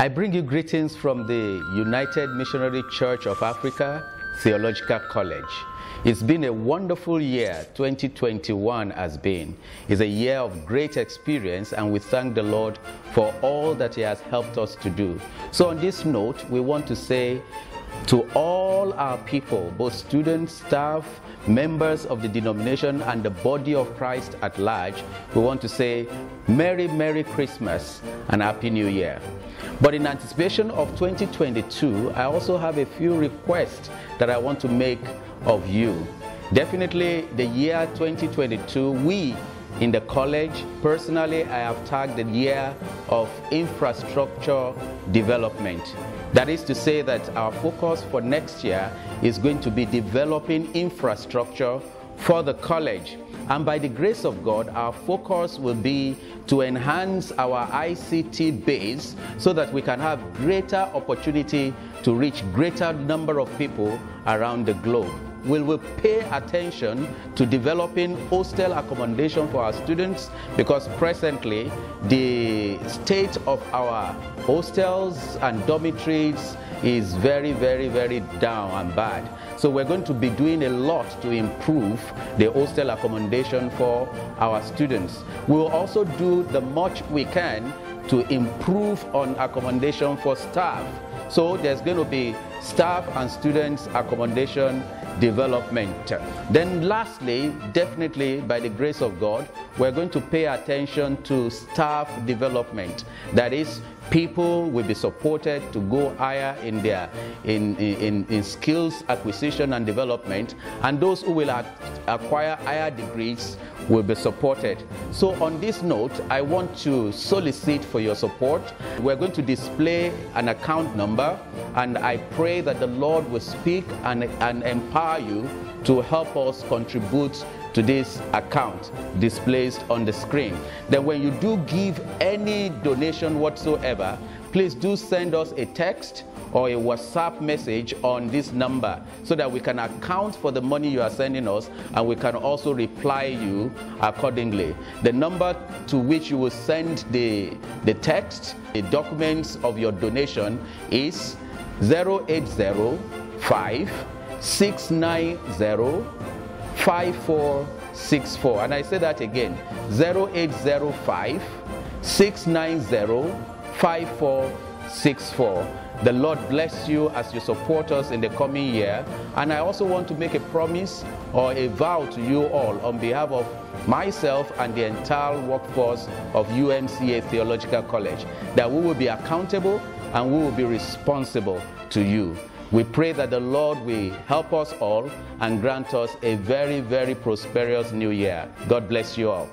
I bring you greetings from the United Missionary Church of Africa Theological College. It's been a wonderful year 2021 has been. It's a year of great experience and we thank the Lord for all that he has helped us to do. So on this note, we want to say to all our people, both students, staff, members of the denomination and the body of Christ at large, we want to say Merry, Merry Christmas and Happy New Year. But in anticipation of 2022, I also have a few requests that I want to make of you. Definitely the year 2022, we in the college, personally, I have tagged the year of infrastructure development. That is to say that our focus for next year is going to be developing infrastructure for the college. And by the grace of God, our focus will be to enhance our ICT base so that we can have greater opportunity to reach greater number of people around the globe we will pay attention to developing hostel accommodation for our students because presently the state of our hostels and dormitories is very, very, very down and bad. So we're going to be doing a lot to improve the hostel accommodation for our students. We will also do the much we can to improve on accommodation for staff. So there's going to be staff and students accommodation development. Then lastly, definitely by the grace of God, we're going to pay attention to staff development. That is, people will be supported to go higher in their in, in, in skills acquisition and development and those who will acquire higher degrees will be supported so on this note i want to solicit for your support we're going to display an account number and i pray that the lord will speak and, and empower empower you to help us contribute to this account displayed on the screen. Then when you do give any donation whatsoever, please do send us a text or a WhatsApp message on this number so that we can account for the money you are sending us and we can also reply you accordingly. The number to which you will send the, the text, the documents of your donation is 0805 690 5464. And I say that again 0805 690 5464. The Lord bless you as you support us in the coming year. And I also want to make a promise or a vow to you all on behalf of myself and the entire workforce of UMCA Theological College that we will be accountable and we will be responsible to you. We pray that the Lord will help us all and grant us a very, very prosperous new year. God bless you all.